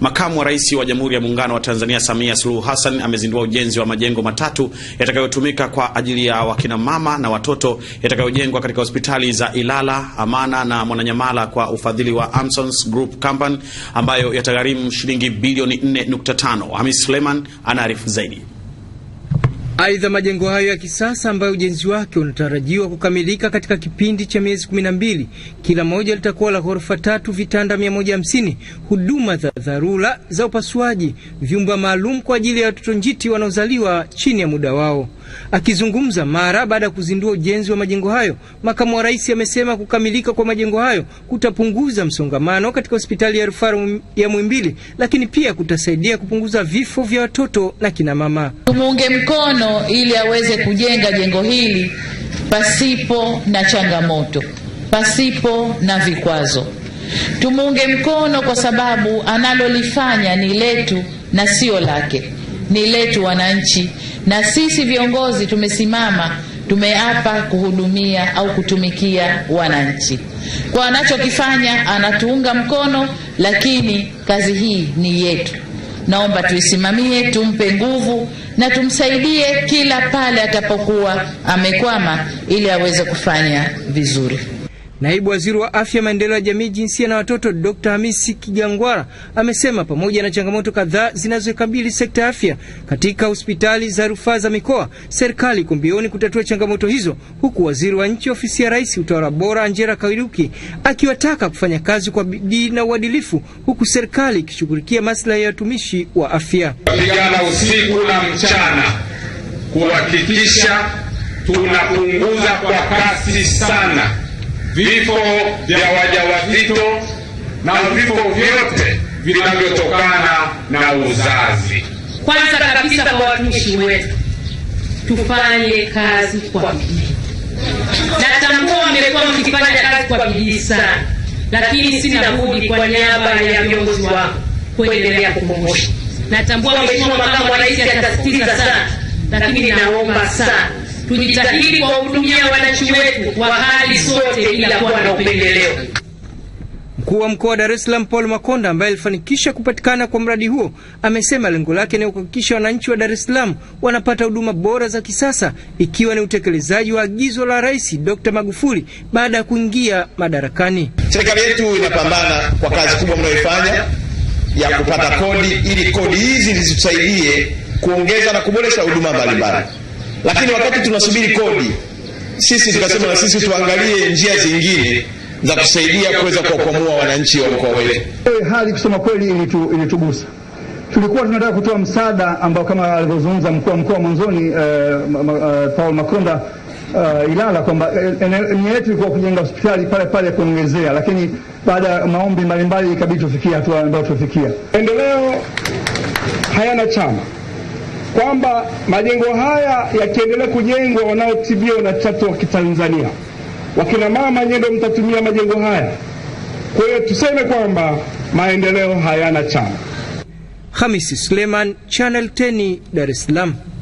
Makamu wa Rais wa Jamhuri ya Muungano wa Tanzania Samia Suluhu Hassan amezindua ujenzi wa majengo matatu yatakayotumika kwa ajili ya wakina mama na watoto yatakayojengwa katika hospitali za Ilala, Amana na Mwananyamala kwa ufadhili wa Amsons Group Company ambayo yatagharimu shilingi bilioni 4.5. Hamis Suleiman anaarifu zaidi. Aidha, majengo hayo ya kisasa ambayo ujenzi wake unatarajiwa kukamilika katika kipindi cha miezi 12, kila moja litakuwa la ghorofa tatu, vitanda 150, huduma za dharura za upasuaji, vyumba maalum kwa ajili ya watoto njiti wanaozaliwa chini ya muda wao. Akizungumza mara baada ya kuzindua ujenzi wa majengo hayo, makamu wa rais amesema kukamilika kwa majengo hayo kutapunguza msongamano katika hospitali ya rufaa ya Muhimbili, lakini pia kutasaidia kupunguza vifo vya watoto na kinamama. Tumuunge mkono ili aweze kujenga jengo hili pasipo na changamoto, pasipo na vikwazo. Tumuunge mkono kwa sababu analolifanya ni letu na sio lake, ni letu wananchi na sisi viongozi tumesimama, tumeapa kuhudumia au kutumikia wananchi. Kwa anachokifanya anatuunga mkono, lakini kazi hii ni yetu. Naomba tuisimamie, tumpe nguvu na tumsaidie kila pale atapokuwa amekwama, ili aweze kufanya vizuri. Naibu Waziri wa Afya, Maendeleo ya Jamii, Jinsia na Watoto, Dr. Hamisi Kigangwara amesema pamoja na changamoto kadhaa zinazoikabili sekta ya afya katika hospitali za rufaa za mikoa, serikali iko mbioni kutatua changamoto hizo, huku Waziri wa Nchi, Ofisi ya Rais, Utawala Bora, Angela Kairuki akiwataka kufanya kazi kwa bidii na uadilifu, huku serikali ikishughulikia maslahi ya watumishi wa afya. Pigana usiku na mchana kuhakikisha tunapunguza kwa kasi sana vifo vya wajawazito na vifo vyote vinavyotokana na uzazi. Kwanza kabisa, kwa watumishi wetu tufanye kazi kwa bidii. Natambua mmekuwa mkifanya kazi kwa bidii sana, lakini sina budi kwa niaba ya viongozi wangu kuendelea kukumbusha. Natambua Mheshimiwa Makamu wa Rais atasisitiza sana, lakini naomba sana Tujitahidi kuwahudumia wananchi wetu kwa hali zote bila kuwa na upendeleo. Mkuu wa mkoa wa Dar es Salaam Paul Makonda, ambaye alifanikisha kupatikana kwa mradi huo, amesema lengo lake ni kuhakikisha wananchi wa Dar es Salaam wanapata huduma bora za kisasa, ikiwa ni utekelezaji wa agizo la Rais Dr. Magufuli baada ya kuingia madarakani. Serikali yetu inapambana kwa kazi kubwa mnayoifanya ya kupata kodi, ili kodi hizi zitusaidie kuongeza na kuboresha huduma mbalimbali. Lakini wakati tunasubiri kodi, sisi tukasema na sisi tuangalie njia zingine za kusaidia kuweza kuwakwamua wananchi wa mkoa wetu. E, hali kusema kweli ilitu, ilitugusa tulikuwa tunataka kutoa msaada ambao kama alivyozungumza mkuu wa mkoa mwanzoni eh, Paul Makonda Uh, Ilala kwamba nia yetu ilikuwa kujenga hospitali pale pale kuongezea, lakini baada ya maombi mbalimbali ikabidi tufikie hatua ambayo tufikia. Maendeleo hayana chama kwamba majengo haya yakiendelea kujengwa, wanaotibiwa na tatizo wa Kitanzania wakina mama nyendo mtatumia majengo haya. Kwa hiyo tuseme kwamba maendeleo hayana chama. Hamisi Suleiman, Channel 10, Dar es Salaam.